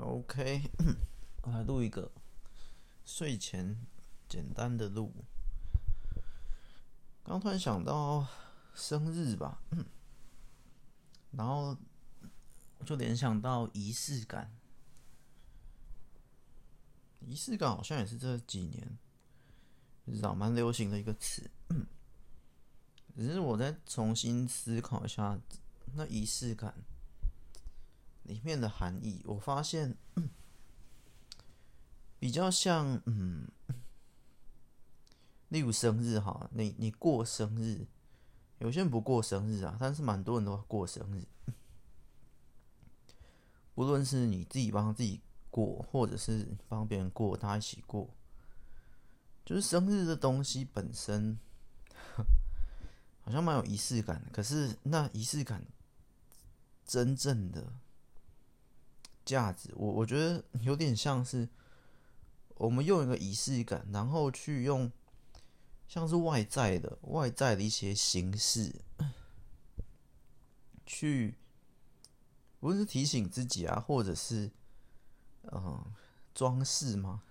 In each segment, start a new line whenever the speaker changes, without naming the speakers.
OK，我來錄一個睡前簡單的錄。剛突然想到生日吧，然後就聯想到儀式感。儀式感好像也是這幾年，蠻流行的一個詞。只是我在重新思考一下那儀式感。裡面的含義，我發現比較像，嗯，例如生日哈，你你過生日，有些人不過生日啊，但是蠻多人都過生日，無論是你自己幫自己過，或者是幫別人過，大家一起過，就是生日這東西本身，好像蠻有儀式感的，可是那儀式感真正的。價值，我我覺得有點像是我們用一個儀式感，然後去用像是外在的外在的一些形式去，不是提醒自己啊，或者是嗯裝飾嗎？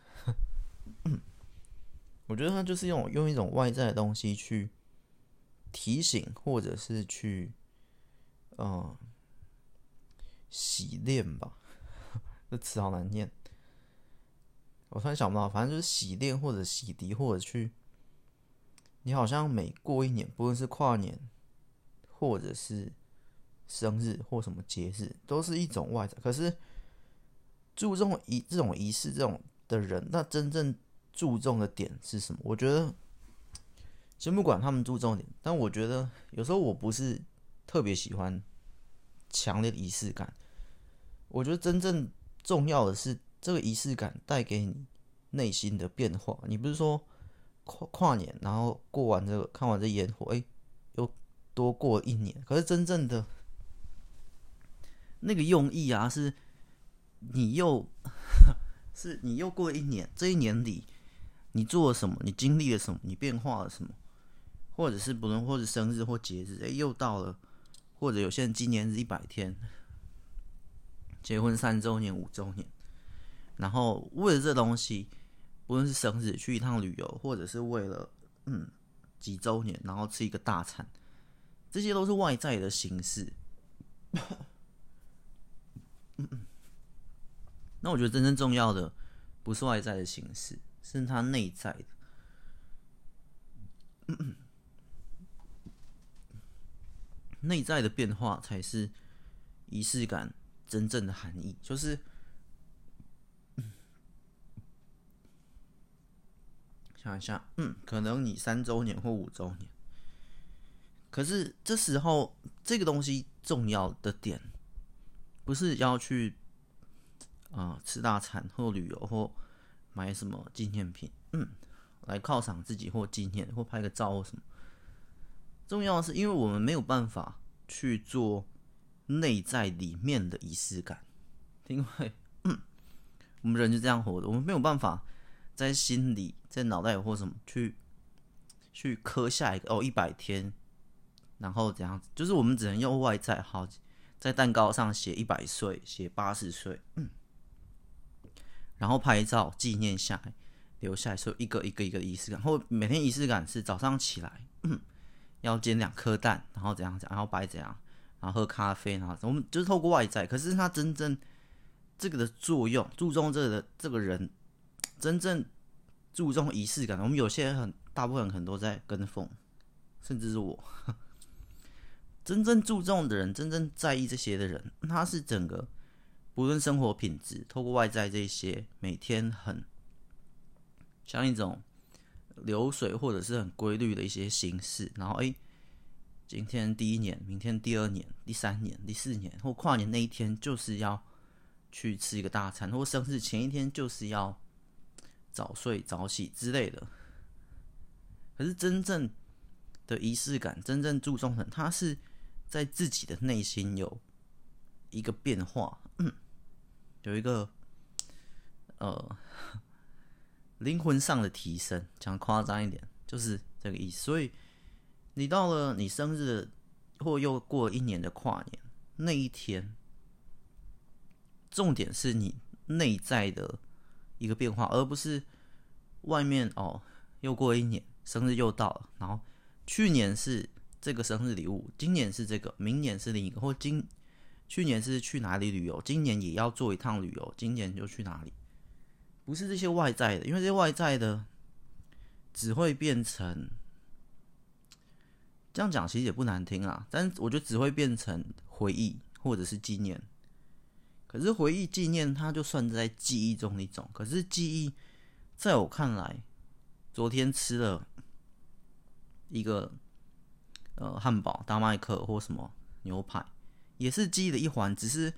我覺得他就是用用一種外在的東西去提醒，或者是去嗯、呃、洗練吧。這詞好難唸，我突然想不到，反正就是洗練或者洗滌或者去。你好像每過一年，不論是跨年，或者是生日或什麼節日，都是一種外在。可是注重儀這種儀式這種的人，那真正注重的點是什麼？我覺得先不管他們注重點，但我覺得有時候我不是特別喜歡強烈的儀式感。我覺得真正。重要的是，這個儀式感帶給你內心的變化。你不是說跨跨年，然後過完這個看完這煙火，哎、欸，又多過一年。可是真正的那個用意啊，是你又是你又過一年。這一年裡，你做了什麼？你經歷了什麼？你變化了什麼？或者是不論或者生日或節日，哎、欸，又到了。或者有些人今年是一百天。結婚三週年、五週年，然後為了這東西，不論是生日去一趟旅遊，或者是為了嗯幾週年，然後吃一個大餐，這些都是外在的形式。嗯、那我覺得真正重要的不是外在的形式，是它內在的，內、嗯嗯、內在的變化才是儀式感。真正的含義就是，嗯，想一下，嗯，可能你三週年或五週年，可是這時候這個東西重要的點，不是要去，啊、呃，吃大餐或旅遊或買什麼紀念品，嗯，來犒賞自己或紀念或拍個照或什麼。重要的是，因為我們沒有辦法去做。內在裡面的儀式感，因為、嗯，我們人就這樣活的，我們沒有辦法在心裡、在腦袋裡或什麼去去刻下一個哦一百天，然後怎樣子？就是我們只能用外在，好在蛋糕上寫一百歲、寫八十歲，然後拍照紀念下來，留下來，所以一個一個一個儀式感。然後每天儀式感是早上起來、嗯、要煎兩顆蛋，然後怎樣怎樣，然後擺怎樣。然後喝咖啡，然後我們就是透過外在，可是他真正這個的作用，注重這個的這個人，真正注重儀式感。我們有些人很大部分很多在跟風，甚至是我呵呵真正注重的人，真正在意這些的人，他是整個不論生活品質，透過外在這些，每天很像一種流水或者是很規律的一些形式，然後哎。今天第一年，明天第二年，第三年，第四年，或跨年那一天，就是要去吃一個大餐；或生日前一天，就是要早睡早起之類的。可是真正的儀式感，真正注重的，它是在自己的內心有一個變化，有一個呃靈魂上的提升。講誇張一點，就是這個意思。所以。你到了你生日，或又過一年的跨年那一天，重點是你內在的一個變化，而不是外面哦，又過一年，生日又到了。然後去年是這個生日禮物，今年是這個，明年是另一個，或今去年是去哪裡旅遊，今年也要做一趟旅遊，今年就去哪裡？不是這些外在的，因為這些外在的只會變成。這樣講其實也不難聽啊，但我覺得只會變成回憶或者是紀念。可是回憶、紀念，它就算在記憶中一種。可是記憶，在我看來，昨天吃了一個呃漢堡、大麥克或什麼牛排，也是記憶的一環。只是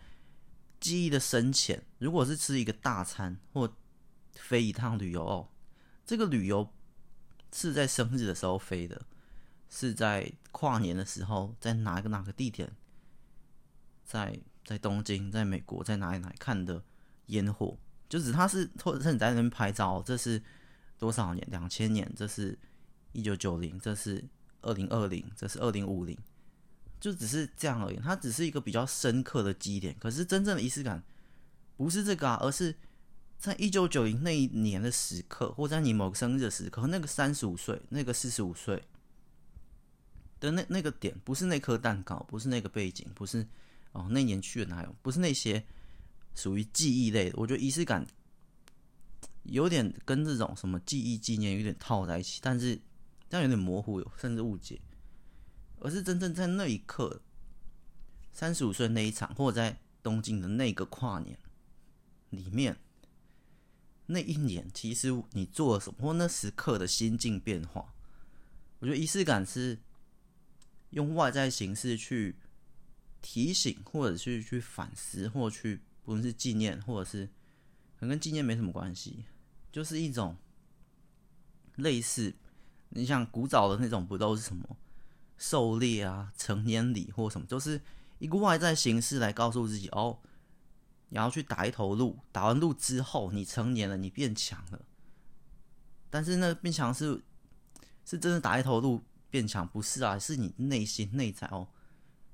記憶的深淺，如果是吃一個大餐或飛一趟旅遊哦，這個旅遊是在生日的時候飛的。是在跨年的時候，在哪個哪個地點，在在東京，在美國，在哪裡哪裡看的烟火？就是他是或者是你在那邊拍照，這是多少年？兩千年，這是一九九零，這是二零二零，這是二零五零，就只是這樣而已。它只是一個比較深刻的基點，可是真正的儀式感不是這個啊，而是在一九九零那一年的時刻，或在你某個生日的時刻，那個三十五歲，那個四十五歲。的那，那個點不是那顆蛋糕，不是那個背景，不是哦，那年去了哪有，不是那些屬於記憶類的。我覺得儀式感有點跟這種什麼記憶紀念有點套在一起，但是這樣有點模糊，哦，甚至誤解。而是真正在那一刻，三十五歲那一場，或者在東京的那個跨年裡面，那一年其實你做了什麼，或那時刻的心境變化。我覺得儀式感是。用外在形式去提醒，或者去去反思，或者去不論是紀念，或者是，可能跟紀念沒什麼關係，就是一種類似，你像古早的那種，不都是什麼狩獵啊、成年禮或什麼，就是一個外在形式來告訴自己，哦，你要去打一頭鹿，打完鹿之後，你成年了，你變強了。但是那變強是，是真的打一頭鹿。變強不是啊，是你內心內在哦。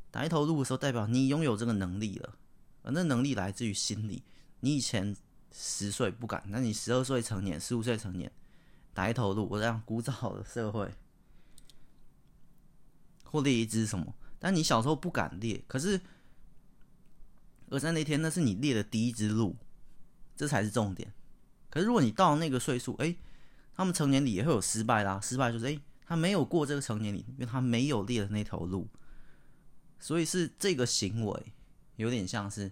打一頭鹿的時候，代表你擁有這個能力了。而那能力來自於心理。你以前十歲不敢，那你十二歲成年，十五歲成年，打一頭鹿。我講古早的社會，或獵一隻什麼？但你小時候不敢獵，可是而在那天，那是你獵的第一隻鹿，這才是重點。可是如果你到那個歲數，哎、欸，他們成年裡也會有失敗啦，失敗就是哎。欸他沒有過這個成年禮，因為他沒有獵的那頭鹿，所以是這個行為有點像是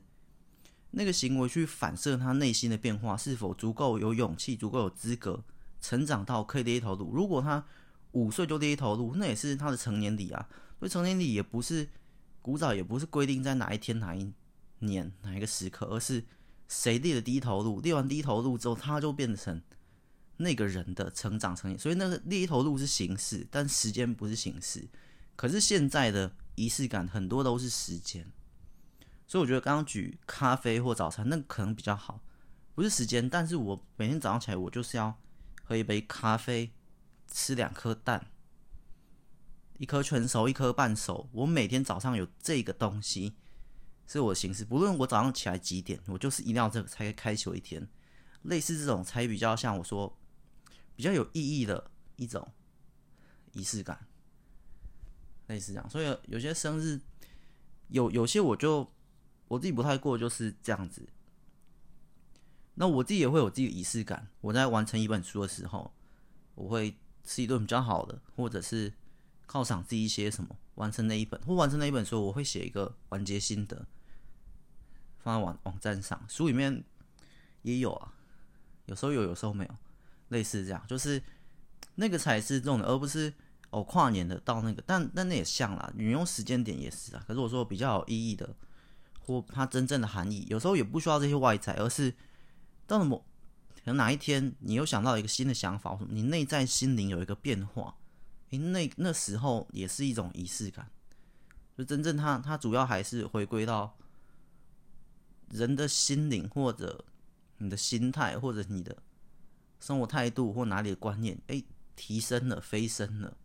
那個行為去反射他內心的變化是否足夠有勇氣，足夠有資格成長到可以獵一頭鹿。如果他五歲就獵一頭鹿，那也是他的成年禮啊。所以成年禮也不是古早，也不是規定在哪一天、哪一年、哪一個時刻，而是誰獵的第一頭鹿。獵完第一頭鹿之後，他就變成。那個人的成長成因，所以那個另一頭路是形式，但時間不是形式。可是現在的儀式感很多都是時間，所以我覺得剛剛舉咖啡或早餐，那個、可能比較好，不是時間。但是我每天早上起來，我就是要喝一杯咖啡，吃兩顆蛋，一顆全熟，一顆半熟。我每天早上有這個東西，是我的形式。不論我早上起來幾點，我就是一定要這個才可以開啟一天。類似這種才比較像我說，比較有意義的一種儀式感，類似這樣。所以有些生日有有些我就我自己不太過，就是這樣子。那我自己也會有自己的儀式感。我在完成一本書的時候，我會吃一頓比較好的，或者是犒賞自己一些什麼。完成那一本或完成那一本書，我會寫一個完結心得，放在網網站上。書裡面也有啊，有時候有，有時候沒有。類似這樣，就是那個才是重要的，而不是哦跨年的到那個，但但那也像啦，運用時間點也是啊。可是我說比較有意義的，或它真正的含義，有時候也不需要這些外在，而是到了某可能哪一天，你又想到一個新的想法，或你內在心靈有一個變化，哎、欸，那那時候也是一種儀式感。就真正它它主要還是回歸到人的心靈，或者你的心態，或者你的。生活態度或哪裡的觀念，哎、欸，提升了，飛升了，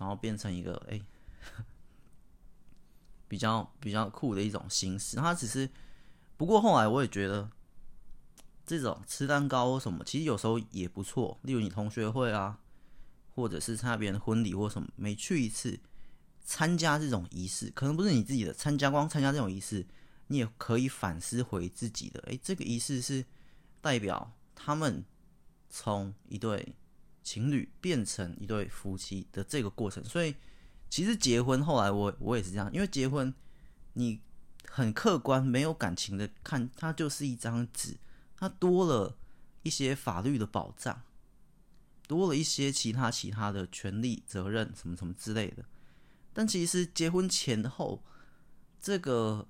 然後變成一個哎、欸，比較比較酷的一種形式。它只是，不過後來我也覺得，這種吃蛋糕或什麼，其實有時候也不錯。例如你同學會啊，或者是參加別人的婚禮或什麼，每去一次，參加這種儀式，可能不是你自己的，參加光參加這種儀式，你也可以反思回自己的。哎、欸，這個儀式是代表他們。從一對情侶變成一對夫妻的這個過程，所以其實結婚後來我我也是這樣，因為結婚你很客觀，沒有感情的看，它就是一張紙，它多了一些法律的保障，多了一些其他其他的權利責任什麼什麼之類的。但其實結婚前後這個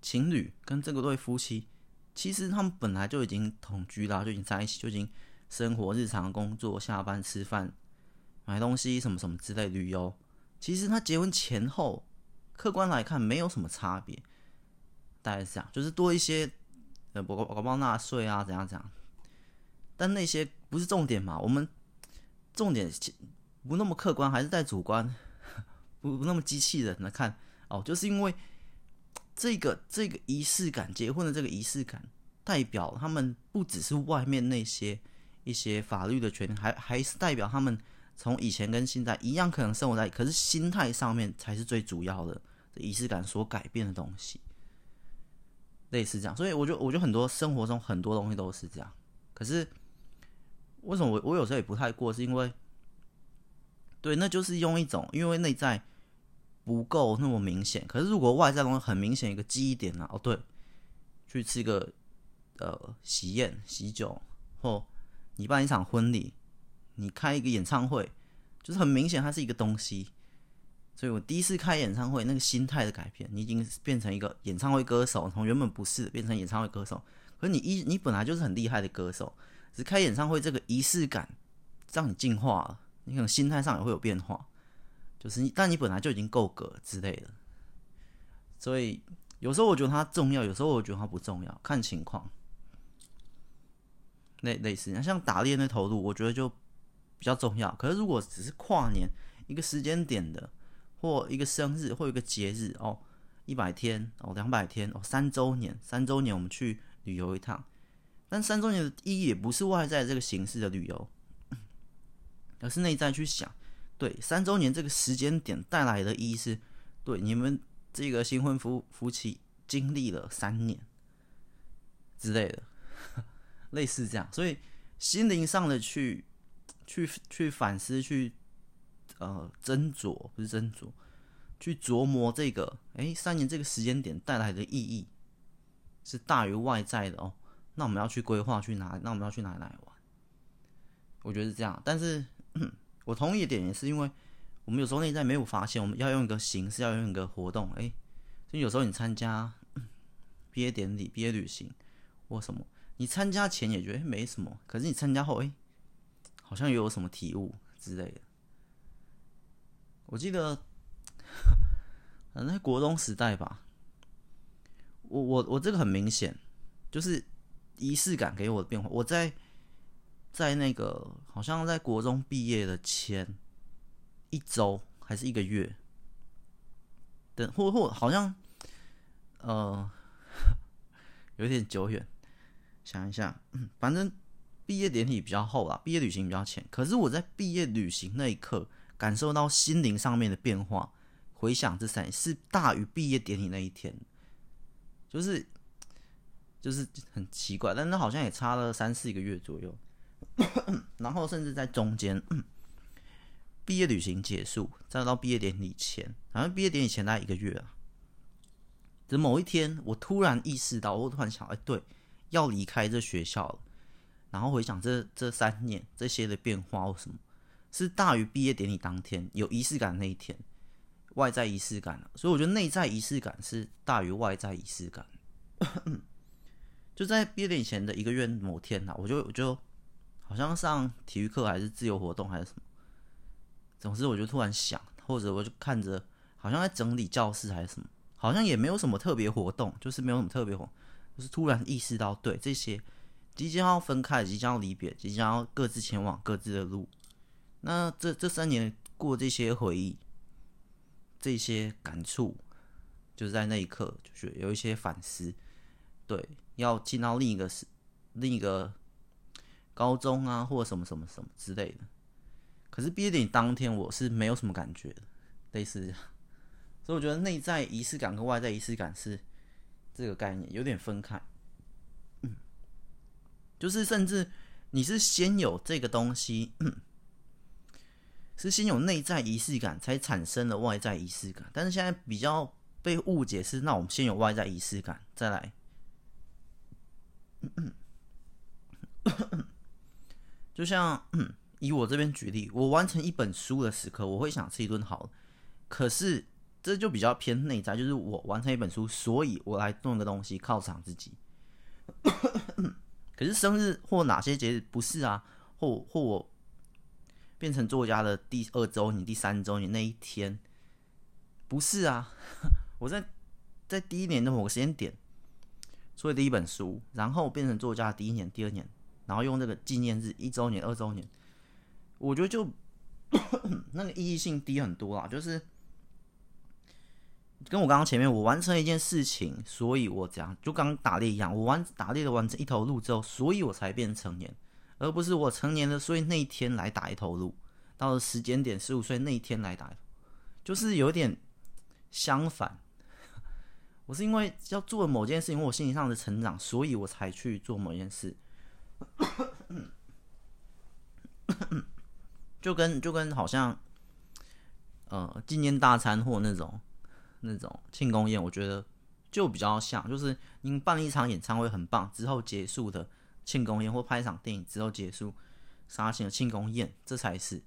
情侶跟這個對夫妻。其實他們本來就已經同居啦、啊，就已經在一起，就已經生活、日常工作、下班、吃飯、買東西什麼什麼之類，旅遊。其實他結婚前後，客觀來看沒有什麼差別。大概是這樣，就是多一些，呃，我我包納稅啊，怎樣怎樣。但那些不是重點嘛，我們重點不那麼客觀，還是在主觀，不不那麼機器人來看哦，就是因為。這個這個儀式感，結婚的這個儀式感，代表他們不只是外面那些一些法律的權利，還還是代表他們從以前跟現在一樣，可能生活在，可是心態上面才是最主要的這儀式感所改變的東西，類似這樣。所以我覺得，我就很多生活中很多東西都是這樣。可是為什麼我我有時候也不太過？是因為對，那就是用一種因為內在。不夠那麼明顯，可是如果外在東西很明顯一個記憶點了、啊、哦，對，去吃一個呃喜宴、喜酒，或你辦一場婚禮，你開一個演唱會，就是很明顯它是一個東西。所以我第一次開演唱會，那個心態的改變，你已經變成一個演唱會歌手，從原本不是的變成演唱會歌手。可是你一你本來就是很厲害的歌手，只開演唱會這個儀式感讓你進化了，你可能心態上也會有變化。就是你，但你本來就已經夠格之類的，所以有時候我覺得它重要，有時候我覺得它不重要，看情況。類類似，你像打獵那投入，我覺得就比較重要。可是如果只是跨年一個時間點的，或一個生日，或一個節日哦，一百天哦，兩百天哦，三周年，三周年我們去旅遊一趟，但三周年的意義也不是外在這個形式的旅遊，而是內在去想。對三周年這個時間點帶來的意義是，對你們這個新婚夫夫妻經歷了三年之類的，類似這樣，所以心靈上的去去去反思，去呃斟酌，不是斟酌，去琢磨這個，誒，三年這個時間點帶來的意義是大於外在的哦。那我們要去規劃去哪，那我們要去哪來玩？我覺得是這樣，但是。我同意一點，也是因為我們有時候內在沒有發現，我們要用一個形式，要用一個活動。哎，所以有時候你參加、嗯、畢業典禮、畢業旅行或什麼，你參加前也覺得沒什麼，可是你參加後，哎，好像又有什麼體悟之類的。我記得，反正在國中時代吧，我我我這個很明顯，就是儀式感給我的變化。我在。在那個好像在國中畢業的前一周還是一個月，等或或好像呃有點久遠，想一下、嗯，反正畢業典禮比較後啦，畢業旅行比較前。可是我在畢業旅行那一刻感受到心靈上面的變化，回想這三年，是大於畢業典禮那一天，就是就是很奇怪，但是好像也差了三四個月左右。然後甚至在中間，嗯、畢業旅行結束，再到畢業典禮前，好像畢業典禮前大概一個月啊。只某一天，我突然意識到，我突然想，哎、欸，對，要離開這學校了。然後回想這這三年這些的變化或什麼，是大於畢業典禮當天有儀式感那一天外在儀式感。所以我覺得內在儀式感是大於外在儀式感。嗯、就在畢業典禮前的一個月某天啊、我就我就。我就好像上體育課還是自由活動還是什麼，總之我就突然想，或者我就看着好像在整理教室還是什麼，好像也沒有什麼特別活動，就是沒有什麼特別活動，就是突然意識到，對這些即將要分開，即將要離別，即將要各自前往各自的路，那這這三年過這些回憶，這些感觸，就是在那一刻就有一些反思，對，要進到另一個另一個。高中啊，或者什麼什麼什麼之類的，可是畢業典禮當天，我是沒有什麼感覺的。類似的，所以我覺得內在儀式感跟外在儀式感是這個概念有點分開，嗯，就是甚至你是先有這個東西，是先有內在儀式感，才產生了外在儀式感，但是現在比較被誤解是，那我們先有外在儀式感，再來。就像以我這邊舉例，我完成一本書的時刻，我會想吃一頓好。可是這就比較偏內在，就是我完成一本書，所以我來弄個東西犒賞自己。 可是生日或哪些節日不是啊？或、或我變成作家的第二周年、第三周年那一天，不是啊？我在在第一年的某個時間點，出了第一本書，然後變成作家的第一年、第二年。然後用那個紀念日一周年、二周年，我覺得就呵呵那個意義性低很多啦。就是跟我剛剛前面，我完成一件事情，所以我這樣就剛打獵一樣，我完打獵了，完成一頭鹿之後，所以我才變成年，而不是我成年了，所以那一天來打一頭鹿。到了時，時間點十五歲那一天來打，就是有點相反。我是因為要做某件事情或我心理上的成長，所以我才去做某一件事。 就跟就跟好像，呃，紀念大餐或那種那種慶功宴，我覺得就比較像，就是您辦了一場演唱會很棒之後結束的慶功宴，或拍一場電影之後結束，殺青的慶功宴，這才是。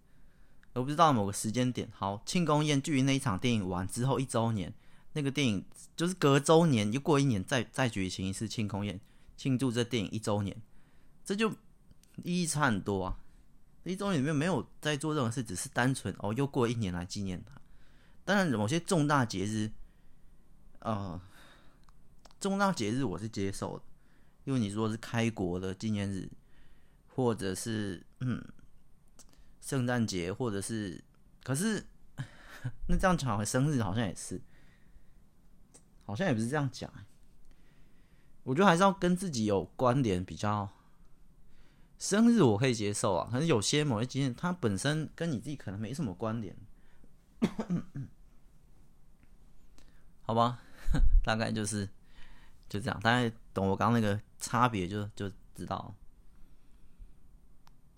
我不知道某個時間點，好，慶功宴距離那一場電影完之後一周年，那個電影就是隔周年又過一年再，再再舉行一次慶功宴，慶祝這電影一周年。這就意義差很多啊！一中裡面沒有在做任何事，只是單純哦，又過一年來紀念他。當然，某些重大節日，呃，重大節日我是接受的，因為你說是開國的紀念日，或者是嗯，聖誕節，或者是，可是那這樣講，生日好像也是，好像也不是這樣講。我覺得還是要跟自己有關聯比較生日我可以接受啊，可是有些某些經驗，它本身跟你自己可能沒什麼關聯， 好吧。大概就是就這樣，大概懂我剛剛那個差別就就知道了。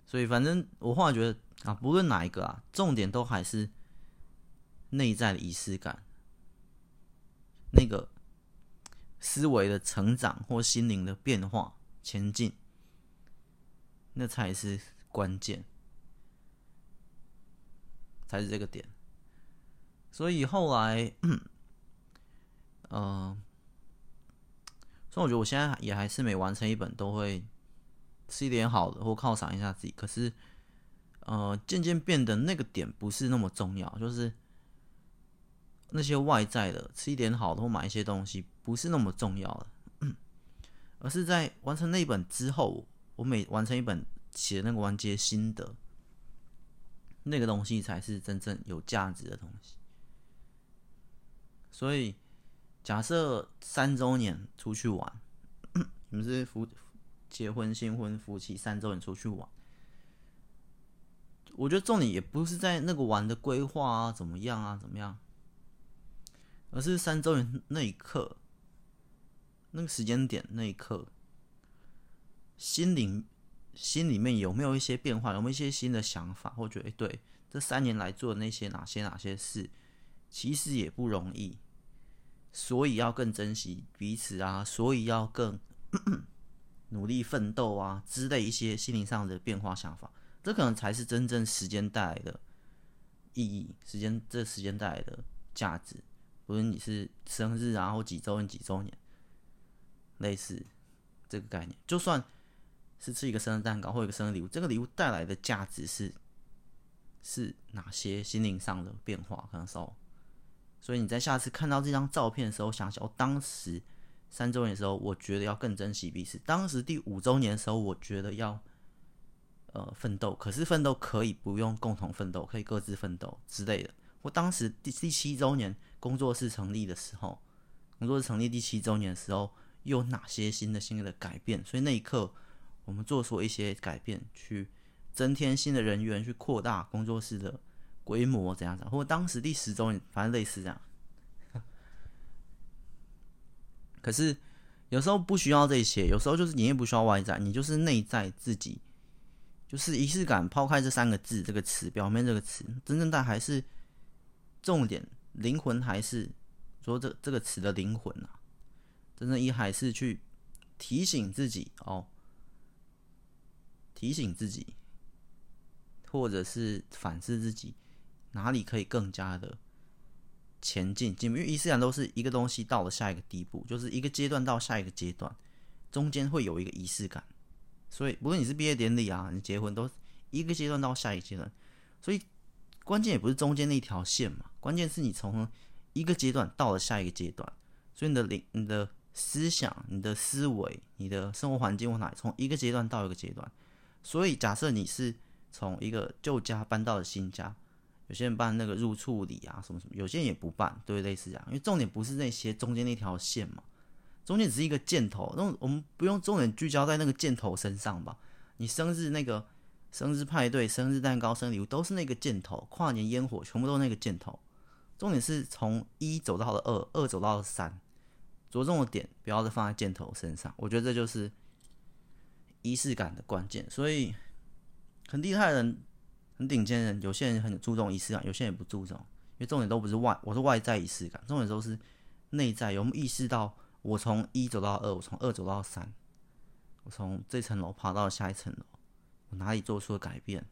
所以反正我後來覺得啊，不論哪一個啊，重點都還是內在的儀式感，那個思維的成長或心靈的變化前進。那才是關鍵，才是這個點。所以後來，嗯，呃，所以我覺得我現在也還是每完成一本都會吃一點好的，或犒賞一下自己。可是，呃，漸漸變得那個點不是那麼重要，就是那些外在的吃一點好的或買一些東西不是那麼重要了，嗯，而是在完成那一本之後。我每完成一本，寫那個完結心得，那個東西才是真正有價值的東西。所以，假設三週年出去玩，你們是夫，結婚，新婚夫妻，三週年出去玩，我覺得重點也不是在那個玩的規劃啊，怎麼樣啊，怎麼樣，而是三週年那一刻，那個時間點那一刻。心靈心裡面有沒有一些變化？有沒有一些新的想法？或者對，這三年來做的那些哪些哪些事，其實也不容易，所以要更珍惜彼此啊，所以要更咳咳努力奮鬥啊之類一些心靈上的變化想法，這可能才是真正時間帶來的意義，時間這時間帶來的價值，不論你是生日啊，然後幾周年幾周年，類似這個概念，就算。是吃一個生日蛋糕，或一個生日禮物。這個禮物帶來的價值是是哪些心靈上的變化？可能說、哦，所以你在下次看到這張照片的時候，想想哦，當時三周年的時候，我覺得要更珍惜彼此；當時第五周年的時候，我覺得要呃奮鬥。可是奮鬥可以不用共同奮鬥，可以各自奮鬥之類的。我當時第第七周年工作室成立的時候，工作室成立第七周年的時候，又有哪些新的、新的改變？所以那一刻。我們做出一些改變，去增添新的人員，去擴大工作室的規模，怎樣講？或當時第十週，反正類似這樣。 可是有時候不需要這些，有時候就是你也不需要外在，你就是內在自己，就是儀式感。拋開這三個字這個詞表面這個詞，真正但還是重點，靈魂還是說這這個詞的靈魂啊，真正意義還是去提醒自己哦。提醒自己，或者是反思自己哪裡可以更加的前進，因為儀式感都是一個東西到了下一個地步，就是一個階段到下一個階段，中間會有一個儀式感。所以，無論你是畢業典禮啊，你結婚都一個階段到下一個階段。所以，關鍵也不是中間那一條線嘛，關鍵是你從一個階段到了下一個階段，所以你的靈、你的思想、你的思維、你的生活環境往，會哪，從一個階段到一個階段。所以，假設你是從一個舊家搬到了新家，有些人辦那個入厝禮啊，什麼什麼，有些人也不辦，對不對？類似這樣。因為重點不是那些中間那條線嘛，中間只是一個箭頭，那我們不用重點聚焦在那個箭頭身上吧？你生日那個生日派對、生日蛋糕、生日禮物都是那個箭頭，跨年煙火全部都是那個箭頭。重點是從一走到了二，二走到了三，着重的點不要再放在箭頭身上。我覺得這就是。儀式感的關鍵，所以很厲害的人、很頂尖的人，有些人很注重儀式感，有些人也不注重，因為重點都不是外，我是外在儀式感，重點都是內在。有沒有意識到，我從一走到二，我從二走到三，我從這層樓爬到下一層樓，我哪裡做出了改變？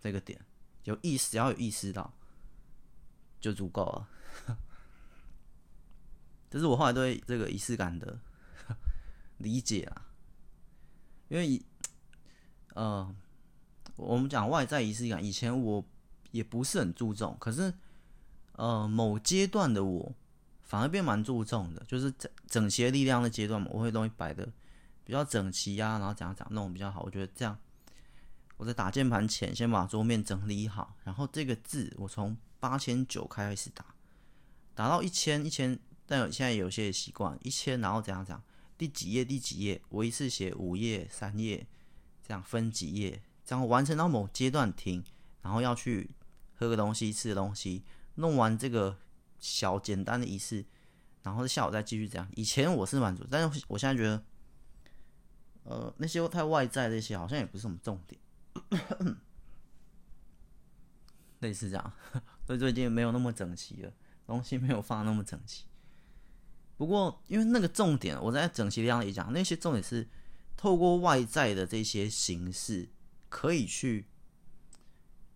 這個點有意識，只要有意識到，就足夠了。 這是我後來對這個儀式感的 理解啊。因為，呃，我們講外在儀式感，以前我也不是很注重，可是，呃，某階段的我反而變蠻注重的，就是整整齊齊力量的階段嘛，我會東西擺的比較整齊呀，啊，然後怎樣怎樣弄比較好，我覺得這樣，我在打鍵盤前先把桌面整理好，然後這個字我從八千九開始打，打到一千一千，但有現在有些也習慣一千，1000, 然後怎樣怎樣。第幾頁？第幾頁？我一次寫五頁、三頁，這樣分幾頁，然後完成到某階段停，然後要去喝個東西、吃個東西，弄完這個小簡單的儀式，然後下午再繼續這樣。以前我是滿足的，但是我現在覺得，呃，那些太外在的一些好像也不是什麼重點， 類似這樣。所 以最近沒有那麼整齊了，東西沒有放那麼整齊。不過，因為那個重點，我在整齊一樣講，那些重點是透過外在的這些形式可以去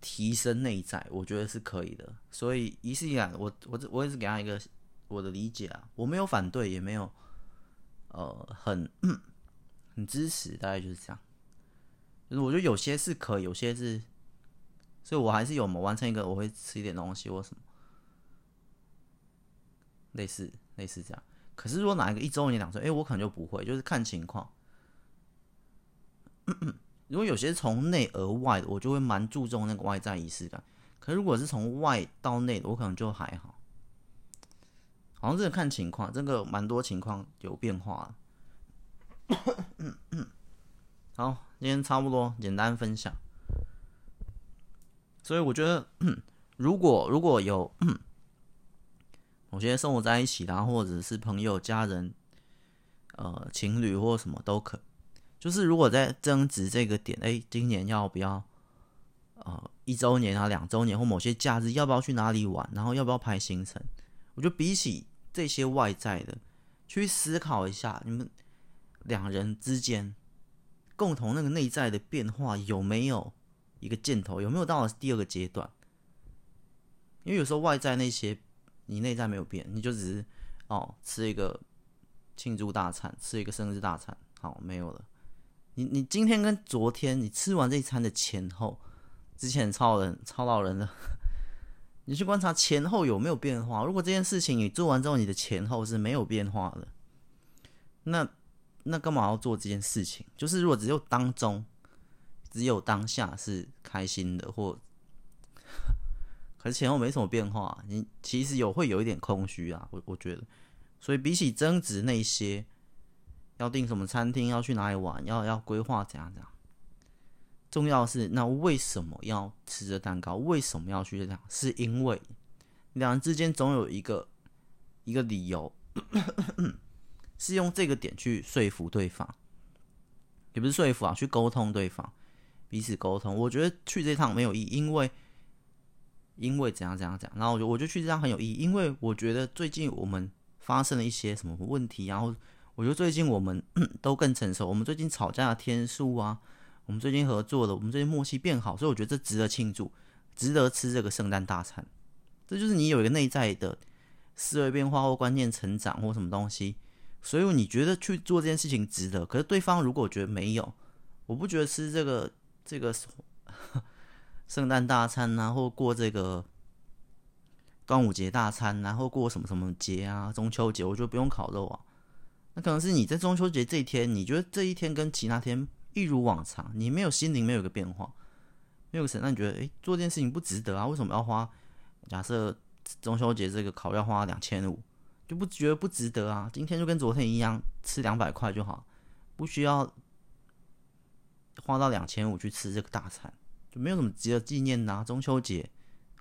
提升內在，我覺得是可以的。所以，儀式感，我我我也是給他一個我的理解啊，我沒有反對，也沒有呃很很支持，大概就是這樣。就是我覺得有些是可以，有些是，所以我還是有嘛，完成一個我會吃一點東西或什麼類似類似這樣。可是如果哪一個一周年兩週，哎、欸，我可能就不會，就是看情況。如果有些從內而外的，我就會蠻注重那個外在儀式感。可是如果是從外到內的，我可能就還好。好像真的看情況，這個蠻多情況有變化，啊咳咳。好，今天差不多簡單分享。所以我覺得，如果如果有。我覺得生活在一起，然後或者是朋友、家人，呃，情侶或什麼都可，就是如果在爭執這個點，哎，今年要不要，呃，一周年啊、兩周年或某些假日，要不要去哪裡玩？然後要不要排行程？我覺得比起這些外在的，去思考一下你們兩人之間共同那個內在的變化有沒有一個箭頭，有沒有到了第二個階段？因為有時候外在那些。你內在沒有變，你就只是哦，吃一個慶祝大餐，吃一個生日大餐，好，沒有了。你你今天跟昨天，你吃完這一餐的前後，之前超人超到人了。 你去觀察前後有沒有變化？如果這件事情你做完之後，你的前後是沒有變化的，那那幹嘛要做這件事情？就是如果只有當中，只有當下是開心的，或。而且又沒什麼變化，你其實有會有一點空虛啊，我我覺得，所以比起爭執那些，要訂什麼餐廳，要去哪裡玩，要要規劃怎樣怎樣，重要的是，那為什麼要吃着蛋糕？為什麼要去這趟？是因為兩人之間總有一個一個理由， 是用這個點去說服對方，也不是說服啊，去溝通對方，彼此溝通。我覺得去這趟沒有意義，因為。因為怎樣怎樣怎樣，然後我就我就去這樣很有意義，因為我覺得最近我們發生了一些什麼問題，然後我覺得最近我們都更成熟，我們最近吵架的天數啊，我們最近合作的，我們最近默契變好，所以我覺得這值得慶祝，值得吃這個聖誕大餐。這就是你有一個內在的思維變化或觀念成長或什麼東西，所以你覺得去做這件事情值得。可是對方如果覺得沒有，我不覺得吃這個這個。呵呵聖誕大餐、啊，然後過這個端午節大餐，啊，然後過什麼什麼節啊？中秋節，我覺得不用烤肉啊。那可能是你在中秋節這一天，你覺得這一天跟其他天一如往常，你沒有心靈沒有一個變化，沒有個神，那你覺得哎、欸，做件事情不值得啊？為什麼要花？假設中秋節這個烤要花兩千五，就不覺得不值得啊？今天就跟昨天一樣，吃兩百塊就好，不需要花到兩千五去吃這個大餐。沒有什麼值得紀念吶、啊，中秋節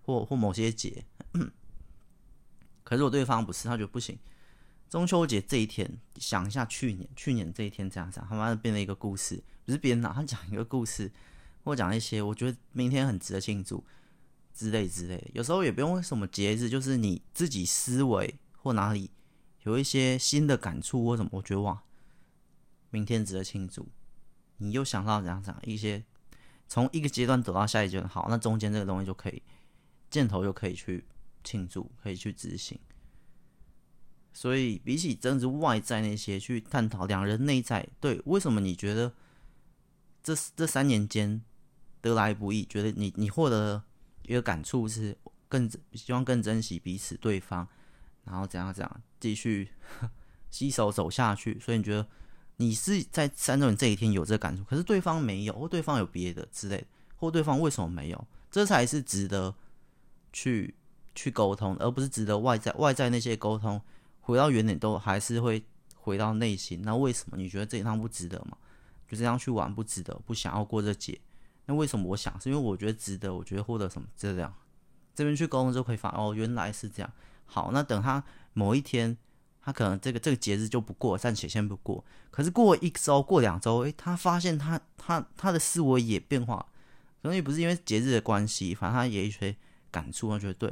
或或某些節，可是我對方不是，他覺得不行。中秋節這一天，想一下去年去年這一天這樣想，他媽的變成了一個故事。不是別人哪、啊，他講一個故事，或講一些，我覺得明天很值得慶祝之類之類的。有時候也不用什麼節日，就是你自己思維或哪裡有一些新的感觸或什麼，我覺得哇，明天值得慶祝，你又想到怎樣講一些。從一個階段走到下一階段，好，那中間這個東西就可以，箭頭就可以去慶祝，可以去執行。所以比起儀式外在那些，去探討兩人內在，對，為什麼你覺得這這三年間得來不易？覺得你你獲得一個感觸是更希望更珍惜彼此對方，然後怎樣怎樣繼續攜手走下去。所以你覺得？你是在三週年這一天有這個感受，可是對方沒有，或對方有別的之類的，或對方為什麼沒有，這才是值得去去溝通，而不是值得外在外在那些溝通，回到原點都還是會回到內心。那為什麼你覺得這一趟不值得嗎？就這樣去玩不值得？不想要過這節？那為什麼？我想是因為我覺得值得，我覺得獲得什麼，就這樣，這邊去溝通就可以發現哦，原來是這樣。好，那等他某一天。他可能這個這個節日就不過，暫且先不過。可是過一週、過兩週，哎，他發現他他他的思維也變化，可能也不是因為節日的關係，反正他也有些感觸，他覺得對，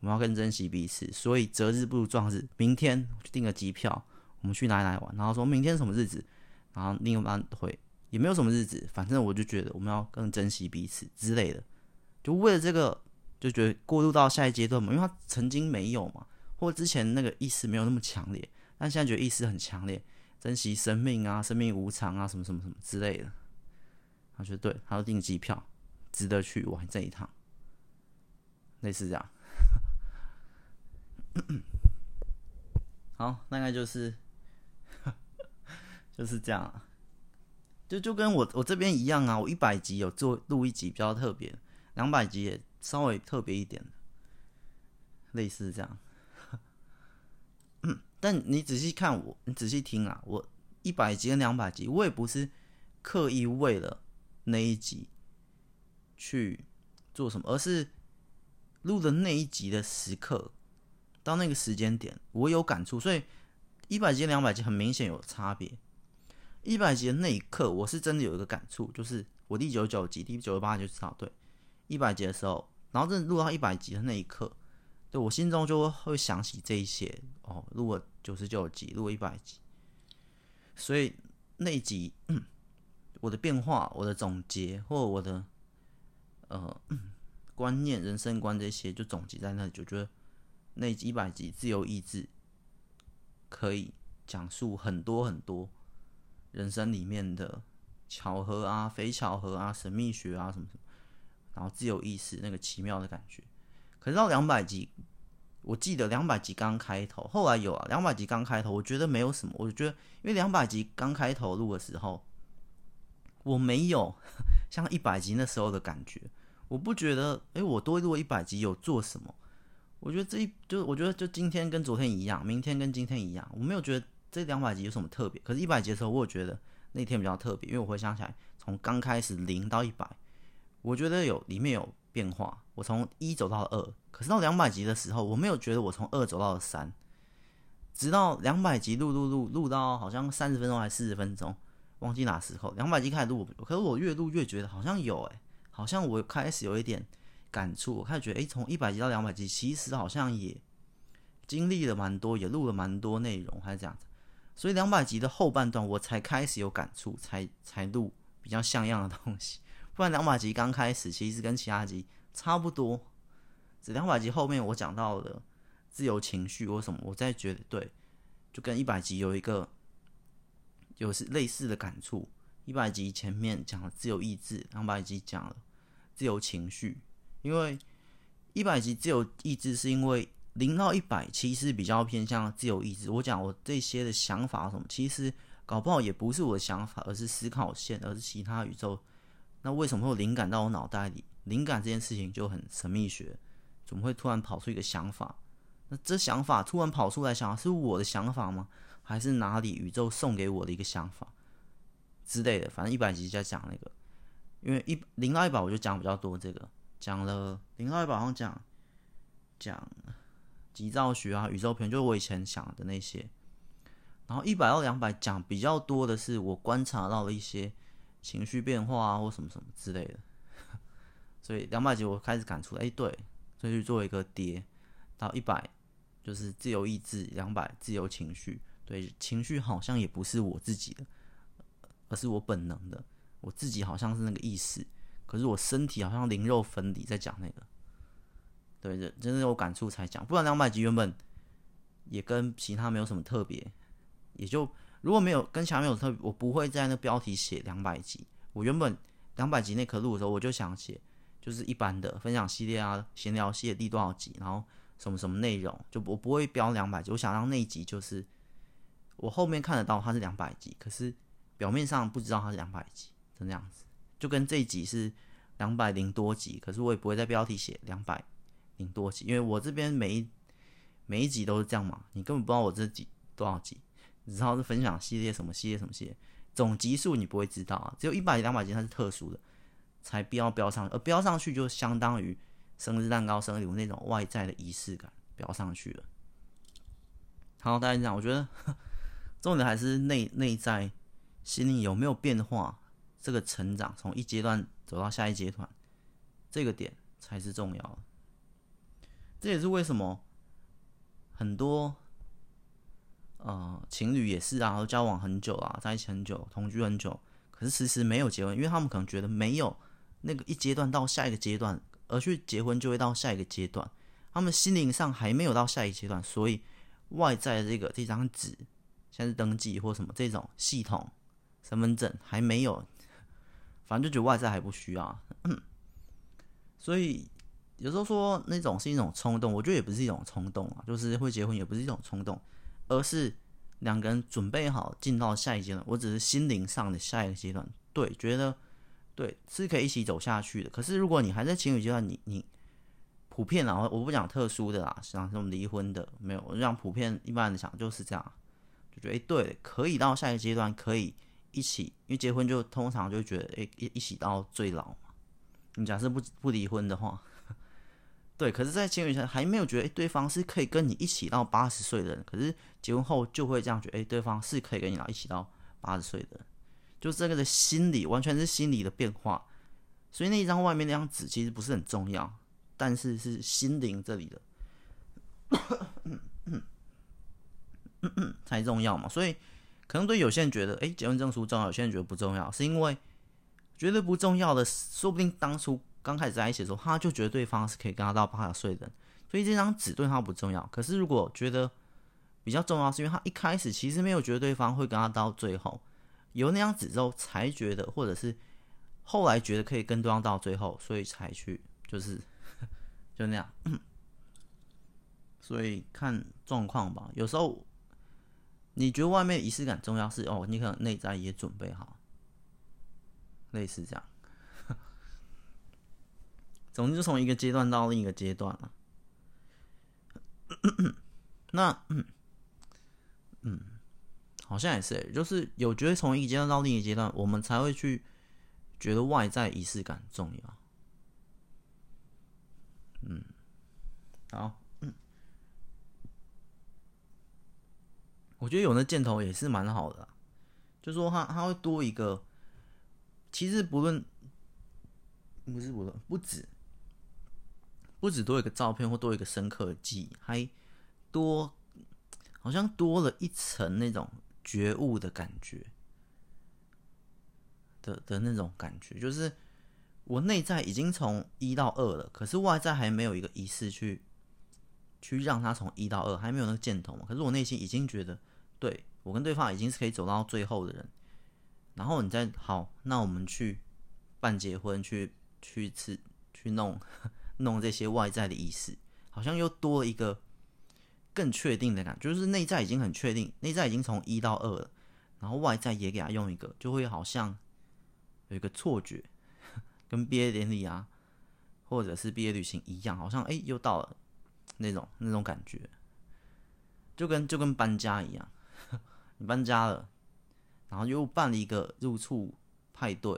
我們要更珍惜彼此。所以擇日不如撞日，明天我訂個機票，我們去哪裡哪裡玩。然後說明天什麼日子，然後另一半會也沒有什麼日子，反正我就覺得我們要更珍惜彼此之類的，就為了這個就覺得過渡到下一階段嘛，因為他曾經沒有嘛。或之前那個意識沒有那麼強烈，但現在覺得意識很強烈，珍惜生命啊，生命無常啊，什麼什麼什麼之類的。他覺得對，他要訂機票，值得去玩這一趟，類似這樣。 好，大概就是 就是這樣，啊，就就跟我我這邊一樣啊。我一百集有做錄一集比較特別，兩百集也稍微特別一點，類似這樣。但你仔細看我，你仔細聽啊，我一百集跟兩百集，我也不是刻意為了那一集去做什麼，而是錄的那一集的時刻，到那個時間點，我有感觸，所以一百集跟兩百集很明顯有差別。一百集的那一刻，我是真的有一個感觸，就是我第九十九集、第九十八集就知道對，一百集的時候，然後真的錄到一百集的那一刻。對我心中就會想起這一些哦，如果九十九集，如果一百集，所以那一集我的變化、我的總結或者我的呃觀念、人生觀這些，就總結在那裡，就覺得那一集，一百集自由意志可以講述很多很多人生裡面的巧合啊、非巧合啊、神秘學啊什麼什麼，然後自由意識那個奇妙的感覺。可是到兩百集，我記得兩百集剛開頭，後來有啊。兩百集剛開頭，我覺得沒有什麼。我就覺得，因為兩百集剛開頭錄的時候，我沒有像一百集那時候的感覺。我不覺得，哎、欸，我多錄一百集有做什麼？我覺得這一就是，我覺得就今天跟昨天一樣，明天跟今天一樣，我沒有覺得這兩百集有什麼特別。可是，一百集的時候，我有覺得那天比較特別，因為我回想起來從剛開始零到一百，我覺得有裡面有，變化，我從一走到了二，可是到兩百集的時候，我沒有覺得我從二走到了三，直到兩百集錄錄錄錄到好像三十分鐘還是四十分鐘，忘記哪時候，兩百集開始錄，可是我越錄越覺得好像有哎、欸，好像我開始有一點感觸，我開始覺得哎，從一百集到兩百集其實好像也經歷了蠻多，也錄了蠻多內容，還是這樣子，所以兩百集的後半段我才開始有感觸，才才錄比較像樣的東西。不然兩百集剛開始其實跟其他集差不多，只兩百集後面我講到了自由情緒或什麼，我在覺得對，就跟一百集有一個，就是類似的感觸。一百集前面講了自由意志，兩百集講了自由情緒，因為一百集自由意志是因為零到一百其實比較偏向自由意志，我講我這些的想法什麼，其實搞不好也不是我的想法，而是思考線，而是其他宇宙。那為什麼會有靈感到我腦袋裡？靈感這件事情就很神秘學，怎麼會突然跑出一個想法？那這想法突然跑出來想，想法是我的想法嗎？還是哪裡宇宙送給我的一個想法之類的？反正一百集在講那個，因為一零到一百我就講比較多這個，講了零到一百好像講講急躁學啊、宇宙篇，就是我以前想的那些。然後一百到兩百講比較多的是，我觀察到了一些。情緒變化啊，或什麼什麼之類的，所以兩百集我開始感觸，哎、欸，對，所以作做一個跌到一百，就是自由意志，兩百自由情緒，對，情緒好像也不是我自己的，而是我本能的，我自己好像是那個意思，可是我身體好像靈肉分離在講那個，對，真真的有感觸才講，不然兩百集原本也跟其他沒有什麼特別，也就。如果沒有跟前面有特別，我不會在那標題寫兩百集。我原本兩百集那刻錄的時候，我就想寫就是一般的分享系列啊，閒聊系列第多少集，然後什麼什麼內容，就我不會標兩百集。我想讓那一集就是我後面看得到它是兩百集，可是表面上不知道它是兩百集，就那樣子，就跟這一集是兩百零多集，可是我也不會在標題寫兩百零多集，因為我這邊每一每一集都是這樣嘛，你根本不知道我這幾多少集。然後是分享系列、什麼系列、什麼系列總集數你不會知道啊，只有一百兩百集它是特殊的，才標標上，而標上去就相當於生日蛋糕生日禮物那種外在的儀式感標上去了。好，大家講，我覺得重點還是內內在心裡有沒有變化，這個成長從一階段走到下一階段，這個點才是重要的。這也是為什麼很多。呃，情侶也是啊，然後交往很久啊，在一起很久，同居很久，可是遲遲沒有結婚，因為他們可能覺得沒有那個一階段到下一個階段，而去結婚就會到下一個階段，他們心靈上還沒有到下一階段，所以外在的這個這張紙，像是登記或什麼這種系統，身份證還沒有，反正就覺得外在還不需要，所以有時候說那種是一種衝動，我覺得也不是一種衝動啊，就是會結婚也不是一種衝動。而是兩個人準備好進到下一階段，我只是心靈上的下一個階段，對，覺得對是可以一起走下去的。可是如果你還在情侶階段，你你普遍啦，我不講特殊的啦，像這種離婚的沒有，我講普遍一般的講就是這樣，就覺得哎，對，可以到下一個階段，可以一起，因為結婚就通常就覺得哎一一起到最老嘛。你假設不不離婚的話。對，可是，在情侶上還沒有覺得，哎，對方是可以跟你一起到八十歲的人。可是結婚後就會這樣覺得，哎，對方是可以跟你一起到八十歲的。就這個的心理完全是心理的變化，所以那一張外面那張紙其實不是很重要，但是是心靈這裡的才 重要嘛。所以可能對有些人覺得，哎，結婚證書重要，有些人覺得不重要，是因為覺得不重要的，說不定當初。剛開始在一起的時候，他就覺得對方是可以跟他到八十歲的，所以這張紙對他不重要。可是如果覺得比較重要，是因為他一開始其實沒有覺得對方會跟他到最後，有那張紙之後才覺得，或者是後來覺得可以跟對方到最後，所以才去，就是 就那樣，嗯。所以看狀況吧。有時候你覺得外面儀式感重要是，是哦，你可能內在也準備好，類似這樣。總之，就從一個階段到另一個階段了，啊。那嗯，好像也是，欸，就是有覺得從一個階段到另一個階段，我們才會去覺得外在儀式感重要。嗯，好嗯，我覺得有那箭頭也是蠻好的，啊就是他，就說它它會多一個。其實不論，不是不論，不止。不止多一個照片或多一個深刻記憶，還多好像多了一層那種覺悟的感覺的的那種感覺，就是我內在已經從一到二了，可是外在還沒有一個儀式去去讓他從一到二，還沒有那個箭頭嘛，可是我內心已經覺得，對我跟對方已經是可以走到最後的人。然後你再好，那我們去辦結婚，去去吃去弄。弄這些外在的意思，好像又多了一個更確定的感覺，就是內在已經很確定，內在已經從一到二了，然後外在也給他用一個，就會好像有一個錯覺，跟畢業典禮啊，或者是畢業旅行一樣，好像哎、欸、又到了那種那種感覺，就跟就跟搬家一樣，你搬家了，然後又辦了一個入厝派對，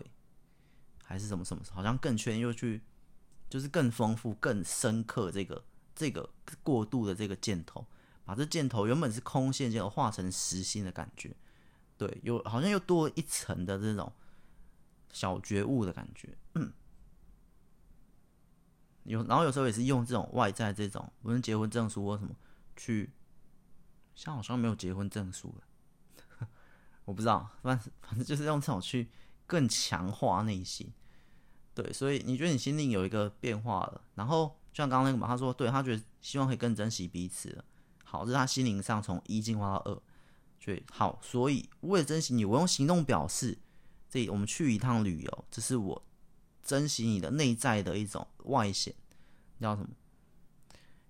還是什麼什麼，好像更確定又去。就是更豐富、更深刻、這個，這個這個過渡的這個箭頭，把這箭頭原本是空線，就要畫成實心的感覺，對，有好像又多了一層的這種小覺悟的感覺、嗯。有，然後有時候也是用這種外在這種，無論結婚證書或什麼，去像好像沒有結婚證書了，我不知道，反正反正就是用這種去更強化內心。對，所以你覺得你心靈有一個變化了，然後就像剛剛那個嘛，他說，對他覺得希望可以更珍惜彼此了。好，這是他心靈上從一進化到二，所以好，所以為了珍惜你，我用行動表示。這我們去一趟旅遊，這是我珍惜你的內在的一種外顯，叫什麼？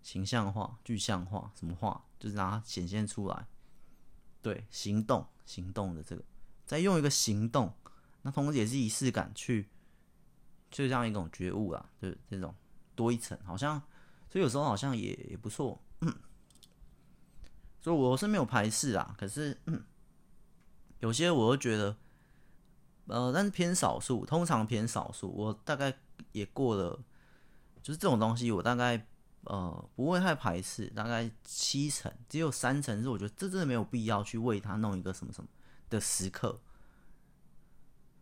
形象化、具象化，什麼化？就是讓它顯現出來。對，行動，行動的這個，再用一個行動，那同時也是儀式感去。就像一種覺悟啦，就是這種多一層，好像所以有時候好像也也不錯，嗯。所以我是沒有排斥啊。可是、嗯、有些我都覺得，呃，但是偏少數，通常偏少數。我大概也過了，就是這種東西，我大概呃不會太排斥。大概七成，只有三成是我覺得這真的沒有必要去為他弄一個什麼什麼的時刻，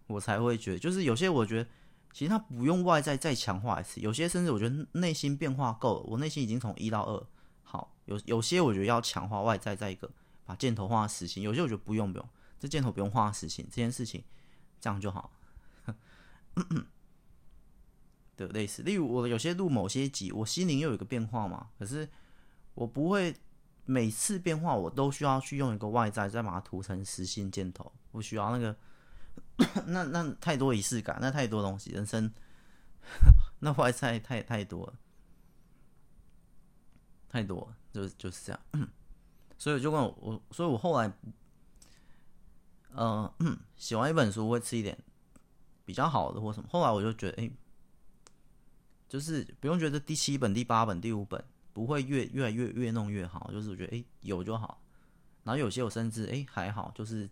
我才會覺得，就是有些我覺得。其實他不用外在再強化一次，有些甚至我覺得內心變化夠了，我內心已經從一到二。好，有有些我覺得要強化外在再一個把箭頭畫實心，有些我覺得不用不用，這箭頭不用畫實心，這件事情這樣就好咳咳。對，類似，例如我有些錄某些集，我心靈又有一個變化嘛，可是我不會每次變化我都需要去用一個外在再把它塗成實心箭頭，我需要那個。 那那太多儀式感，那太多東西，人生 那外在太太，太多了，太多就就是這樣。所以我就問我，我，所以我後來，嗯、呃，寫完一本書會吃一點比較好的或什麼。後來我就覺得，哎、欸，就是不用覺得第七本、第八本、第五本不會越越來越越弄越好，就是我覺得哎、欸、有就好。然後有些我甚至哎、欸、還好，就是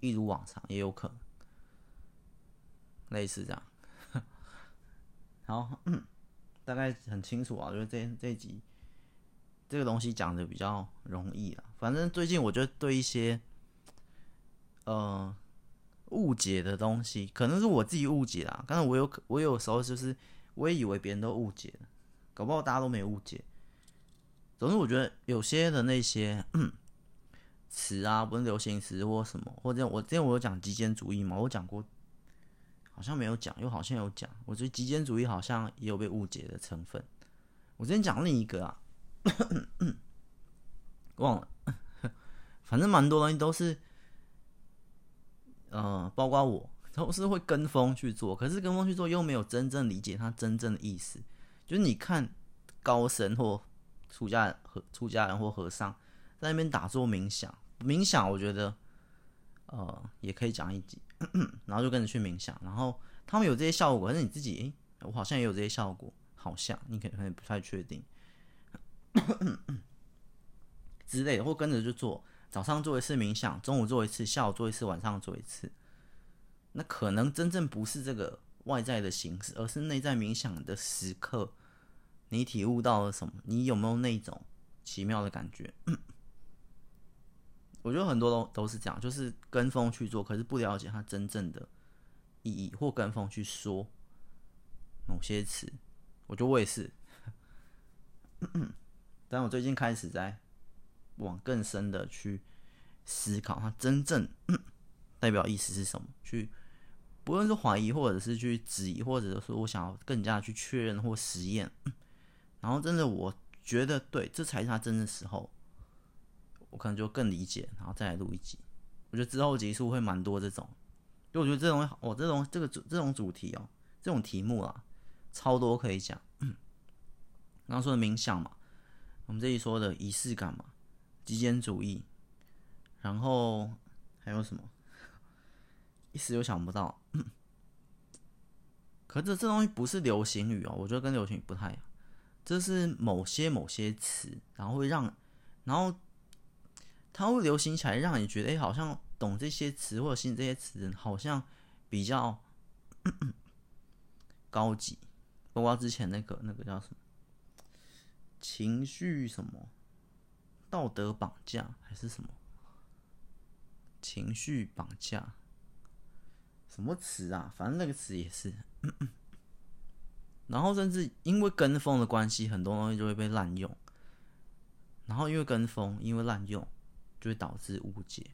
一如往常也有可能。類似這樣，好、嗯，大概很清楚啊。就是這這集這個東西講的比較容易啊。反正最近我覺得對一些呃誤解的東西，可能是我自己誤解啦。但是我有我有時候就是我也以為別人都誤解了，搞不好大家都沒有誤解。總之，我覺得有些的那些詞啊，不是流行詞或什麼，或者我之前我有講極簡主義嘛，我講過。好像沒有講，又好像有講。我覺得極簡主義好像也有被誤解的成分。我之前講另一個啊， 忘了， 反正蠻多東西都是，呃，包括我都是會跟風去做，可是跟風去做又沒有真正理解它真正的意思。就是你看高僧或出家人和出家人或和尚在那邊打坐冥想，冥想我覺得，呃，也可以講一集。然後就跟着去冥想，然後他們有這些效果，還是你自己誒？我好像也有這些效果，好像你可能不太確定咳咳之類的，或跟着就做，早上做一次冥想，中午做一次，下午做一次，晚上做一次。那可能真正不是這個外在的形式，而是內在冥想的時刻，你體悟到了什麼？你有沒有那種奇妙的感覺？我覺得很多都都是這樣，就是跟風去做，可是不了解它真正的意義，或跟風去說某些詞。我覺得我也是呵呵，但我最近開始在往更深的去思考它真正代表意思是什麼。去，不論是懷疑，或者是去質疑，或者是說我想要更加去確認或實驗。然後，真的我覺得對，這才是它真的時候。我可能就更理解，然後再來錄一集。我覺得之後集數會蠻多這種，因為我覺得這種我這種這個主這種主題哦，這種題目啊，超多可以講。嗯、然後說的冥想嘛，我們這裡說的儀式感嘛，極簡主義，然後還有什麼？一時又想不到。嗯、可是這這東西不是流行語哦，我覺得跟流行語不太。這是某些某些詞，然後會讓然後。它會流行起來，讓你覺得，哎、欸，好像懂這些詞，或者信這些詞，好像比較 高級。包括之前那個那個叫什麼，情緒什麼，道德綁架還是什麼，情緒綁架，什麼詞啊？反正那個詞也是。 然後甚至因為跟風的關係，很多東西就會被濫用。然後因為跟風，因為濫用。就會導致誤解。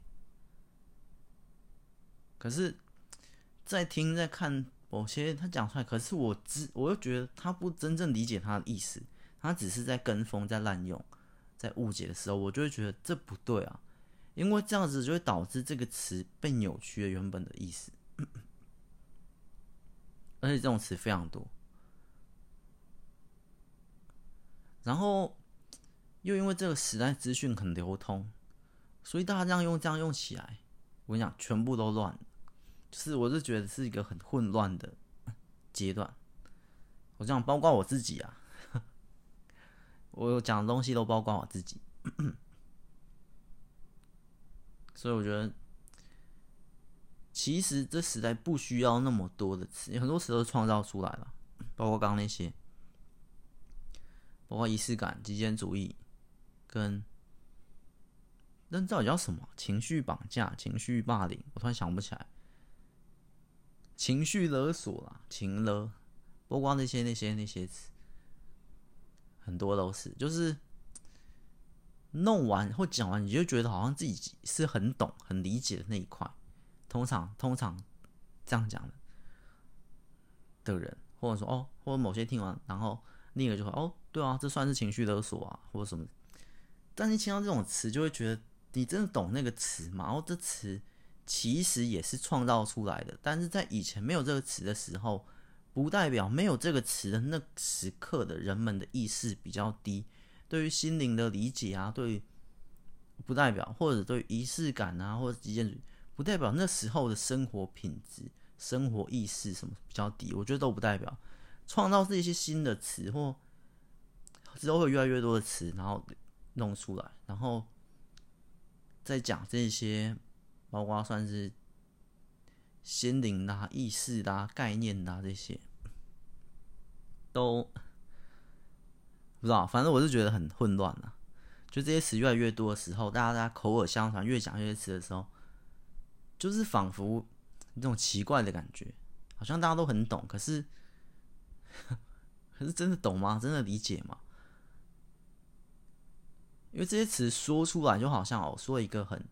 可是，在聽、在看某些他講出來，可是我知，我又覺得他不真正理解他的意思，他只是在跟風、在濫用、在誤解的時候，我就會覺得這不對啊，因為這樣子就會導致這個詞被扭曲了原本的意思。而且這種詞非常多，然後又因為這個時代資訊很流通。所以大家這樣用，這樣用起來，我跟你講，全部都亂，就是我是覺得是一個很混亂的階段。我這樣包括我自己啊，呵呵我講的東西都包括我自己咳咳。所以我覺得，其實這時代不需要那麼多的詞，很多詞都創造出來了，包括剛剛那些，包括儀式感、極簡主義跟。那到底叫什麼？情緒綁架、情緒霸凌，我突然想不起來。情緒勒索啦，情勒，不光那些那些那些詞，很多都是，就是弄完或講完，你就覺得好像自己是很懂、很理解的那一塊。通常通常這樣講的的人，或者說哦，或者某些聽完，然後那個就說哦，對啊，這算是情緒勒索啊，或者什麼。但一聽到這種詞，就會覺得。你真的懂那個詞嗎？然後這詞其實也是創造出來的，但是在以前沒有這個詞的時候，不代表沒有這個詞的那時刻的人們的意識比較低，對於心靈的理解啊，對，不代表或者對儀式感啊，或者極簡，不代表那時候的生活品質、生活意識什麼比較低，我覺得都不代表。創造這些新的詞，或之後會有越來越多的詞，然後弄出來，然後。在講這些，包括算是心靈啦、意識啦、啊、概念啦、啊、這些，都不知道。反正我是覺得很混亂啊，就這些詞越來越多的時候，大家大家口耳相傳，越講這些詞的時候，就是仿佛一種奇怪的感覺，好像大家都很懂，可是，可是真的懂嗎？真的理解嗎？因為這些詞說出來就好像哦，說一個很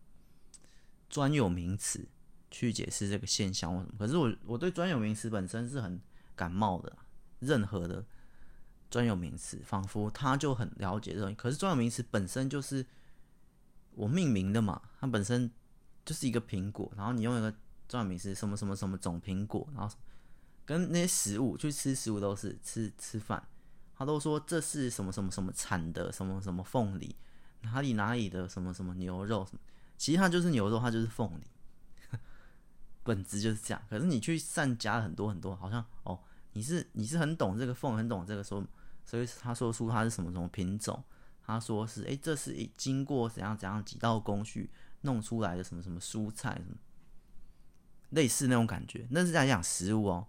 專有名詞去解釋這個現象或什麼。可是我我對專有名詞本身是很感冒的，任何的專有名詞，仿佛他就很了解這種。可是專有名詞本身就是我命名的嘛，它本身就是一個蘋果，然後你用一個專有名詞什麼什麼什麼種蘋果，然後跟那些食物去吃食物都是吃吃飯，他都說這是什麼什麼什麼產的什麼什麼鳳梨。哪裡哪裡的什麼什麼牛肉什麼，其實它就是牛肉，它就是鳳梨，本質就是這樣。可是你去善加了很多很多，好像哦，你是你是很懂這個鳳，很懂這個說，所以他說出它是什麼什麼品種，他說是哎、欸，這是一經過怎樣怎樣幾道工序弄出來的什麼什麼蔬菜什麼，類似那種感覺。那是在講食物哦，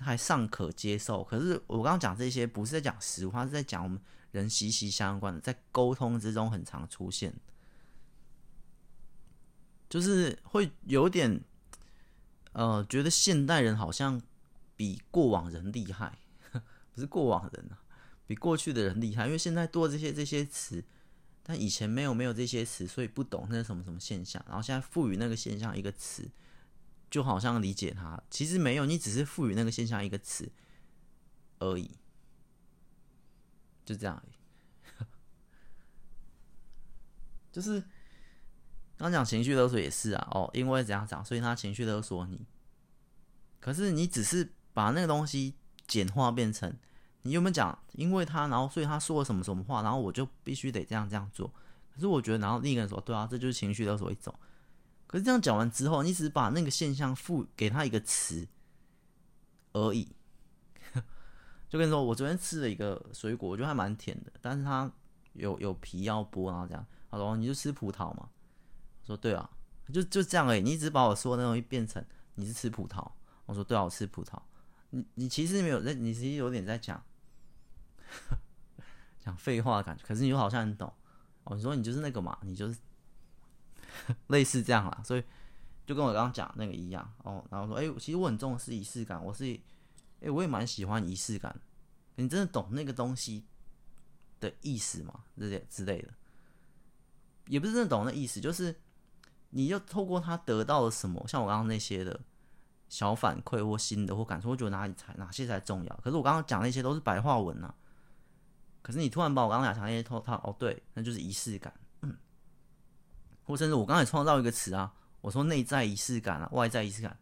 還尚可接受。可是我剛剛講這些不是在講食物，它是在講我們。人息息相關的，在溝通之中很常出現，就是會有點，呃，覺得現代人好像比過往人厲害，不是過往人啊，比過去的人厲害，因為現在多這些這些詞，但以前沒有沒有這些詞，所以不懂那什麼什麼現象，然後現在賦予那個現象一個詞，就好像理解它，其實沒有，你只是賦予那個現象一個詞而已。就這樣，就是剛講情緒勒索也是啊，哦，因為怎樣講，所以他情緒勒索你。可是你只是把那個東西簡化變成，你有沒有講？因為他，然後所以他說了什麼什麼話，然後我就必須得這樣這樣做。可是我覺得，然後另一個人說，對啊，這就是情緒勒索一種。可是這樣講完之後，你只是把那個現象賦給他一個詞而已。就跟你說，我昨天吃了一個水果，我覺得還蠻甜的，但是它有有皮要剝，然後這樣。他說：“你就吃葡萄嘛。”我說：“對啊，就就這樣哎。”你一直把我說的東西變成你是吃葡萄。我說：“對啊，我吃葡萄。”你你其實沒有在，你其實有點在講 講廢話的感覺，可是你又好像很懂。我說你就是那個嘛，你就是 類似這樣啦。所以就跟我剛剛講那個一樣哦。然後說：“哎，其實我很重視儀式感，我是。”哎、欸，我也蠻喜歡儀式感。你真的懂那個東西的意思嗎？這些之類的，也不是真的懂那意思，就是你就透過它得到了什麼？像我剛剛那些的小反饋或新的或感受，我覺得哪裡才哪些才重要？可是我剛剛講那些都是白話文啊。可是你突然把我剛剛講那些偷套，哦，對，那就是儀式感、嗯，或甚至我剛才創造一個詞啊，我說內在儀式感啊，外在儀式感，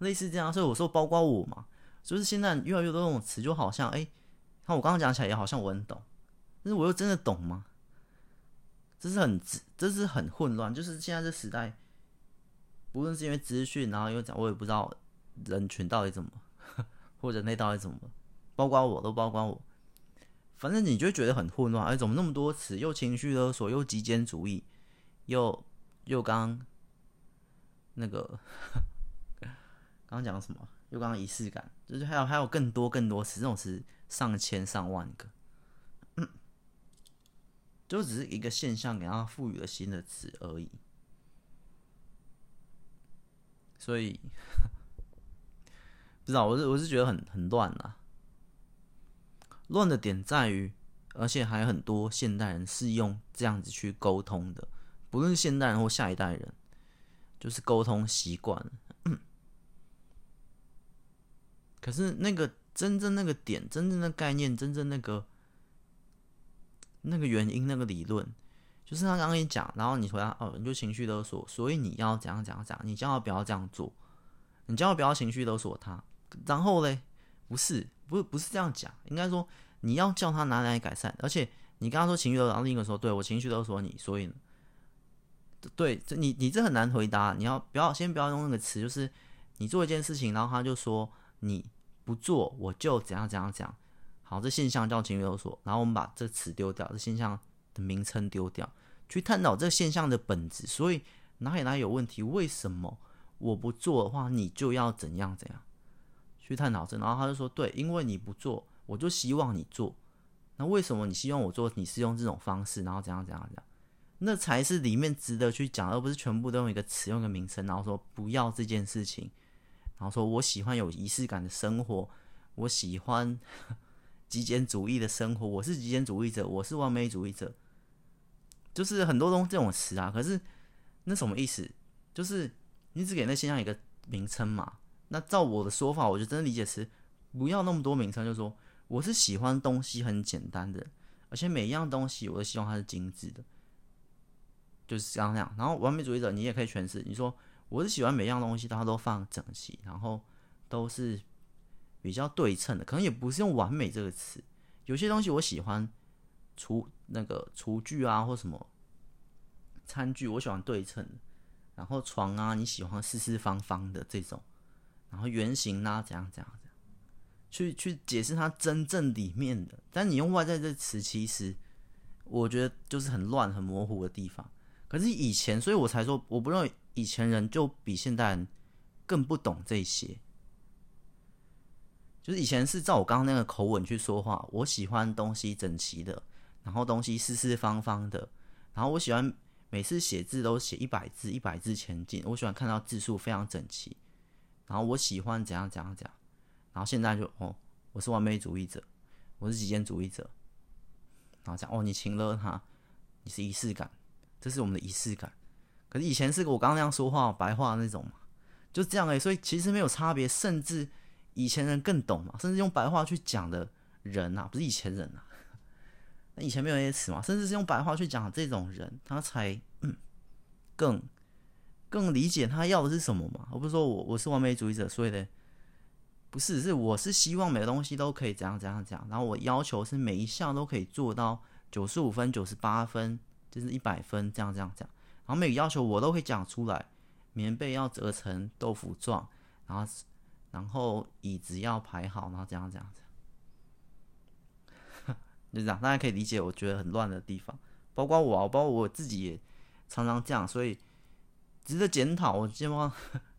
類似這樣。所以我說，包括我嘛。就是現在越來越多這種詞，就好像哎、欸，看我剛剛講起來也好像我很懂，但是我又真的懂嗎？這是很，這是很混亂。就是現在這時代，不論是因為資訊，然後又講我也不知道人群到底怎麼，呵或人類到底怎麼，包括我都包括我，反正你就會覺得很混亂。哎、欸，怎麼那麼多詞？又情緒勒索，又極簡主義，又又剛那個剛講什麼？就剛剛儀式感，就是還有還有更多更多詞，這種詞上千上萬個，嗯、就只是一個現象，給它賦予了新的詞而已。所以不知道，我是我是覺得很很亂啦。亂的點在於，而且還有很多現代人是用這樣子去溝通的，不論是現代人或下一代人，就是溝通習慣。可是那個真正那個點，真正的概念，真正那個那個原因，那個理論，就是他剛跟你講，然後你回答哦，你就情緒勒索，所以你要怎樣怎樣怎樣，你叫他不要這樣做，你叫他不要情緒勒索他。然後嘞，不是，不是，不是這樣講，應該說你要叫他拿來改善。而且你剛剛說情緒勒，然後另一個說，對我情緒勒索你，所以對，這你你這很難回答，你要不要先不要用那個詞，就是你做一件事情，然後他就說。你不做，我就怎樣怎樣講。樣。好，這現象叫情緒勒索。然後我們把這詞丟掉，這現象的名稱丟掉，去探討這現象的本質。所以哪裡哪裡有問題？為什麼我不做的話，你就要怎樣怎樣？去探討這。然後他就說：“對，因為你不做，我就希望你做。那為什麼你希望我做？你是用這種方式，然後怎樣怎樣怎樣？那才是裡面值得去講，而不是全部都用一個詞，用一個名稱，然後說不要這件事情。”然後說，我喜歡有儀式感的生活，我喜歡極簡主義的生活，我是極簡主義者，我是完美主義者，就是很多東，這種詞啊，可是那什麼意思？就是你只給那現象一個名稱嘛。那照我的說法，我就真的理解詞，不要那麼多名稱，就是、說我是喜歡東西很簡單的，而且每一樣東西我都希望它是精致的，就是剛剛那樣。然後完美主義者，你也可以詮釋，你說。我是喜歡每樣東西，它都放整齊，然後都是比較對稱的。可能也不是用“完美”這個詞。有些東西我喜歡，廚那個廚具啊，或什麼餐具，我喜歡對稱。然後床啊，你喜歡四四方方的這種，然後圓形啊，怎樣怎樣怎樣。去去解釋它真正裡面的，但你用“外在”這詞，其實我覺得就是很亂、很模糊的地方。可是以前，所以我才說，我不認為以前人就比現代人更不懂這些。就是以前是照我剛剛那個口吻去說話，我喜歡東西整齊的，然後東西四四方方的，然後我喜歡每次寫字都寫一百字，一百字前進，我喜歡看到字數非常整齊，然後我喜歡怎樣怎樣怎樣，然後現在就哦，我是完美主義者，我是極簡主義者，然後講哦，你請了他，你是儀式感。這是我們的儀式感，可是以前是我剛剛那樣說話，白話那種嘛，就這樣哎、欸，所以其實沒有差別，甚至以前人更懂嘛，甚至用白話去講的人吶、啊，不是以前人吶、啊，那以前沒有那些詞嘛，甚至是用白話去講這種人，他才、嗯、更更理解他要的是什麼嘛，而不是說我我是完美主義者，所以的，不是，是我是希望每個東西都可以怎樣怎樣怎樣，然後我要求是每一項都可以做到九十五分九十八分。98分就是一百分，這樣這樣講，然後每個要求我都會講出來。棉被要折成豆腐狀，然後然後椅子要排好，然後這樣這樣子，這樣 就這樣，大家可以理解。我覺得很亂的地方，包括我、啊，我包括我自己也常常這樣，所以值得檢討。我希望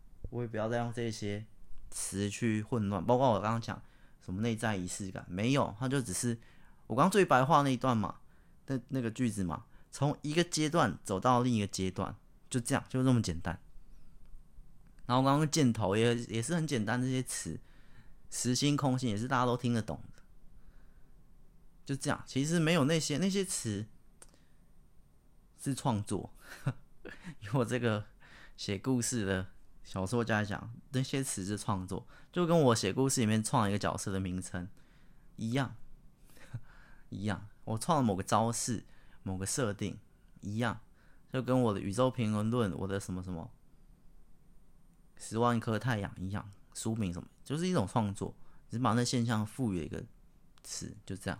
我也不要再用這些詞去混亂。包括我剛剛講什麼內在儀式感，沒有，它就只是我剛最白話的那一段嘛，那那個句子嘛。從一個階段走到另一個階段，就這樣，就這麼簡單。然後剛剛箭頭也也是很簡單，這些詞，實心、空心也是大家都聽得懂。就這樣，其實沒有那些那些詞是創作。以 我這個寫故事的小說家講，那些詞是創作，就跟我寫故事裡面創一個角色的名稱一樣，一樣。 一樣我創了某個招式。某個設定一樣，就跟我的宇宙平衡論、我的什麼什麼十萬顆太陽一樣，書名什麼，就是一種創作，只是把那現象賦予了一個詞，就這樣，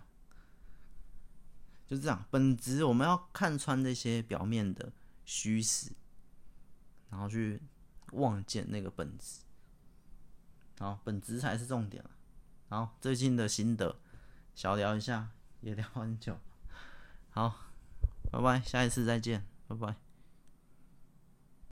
就這樣。本質我們要看穿那些表面的虛實，然後去望見那個本質，好，本質才是重點。好，最近的心得小聊一下，也聊很久，好。拜拜，下一次再見，拜拜。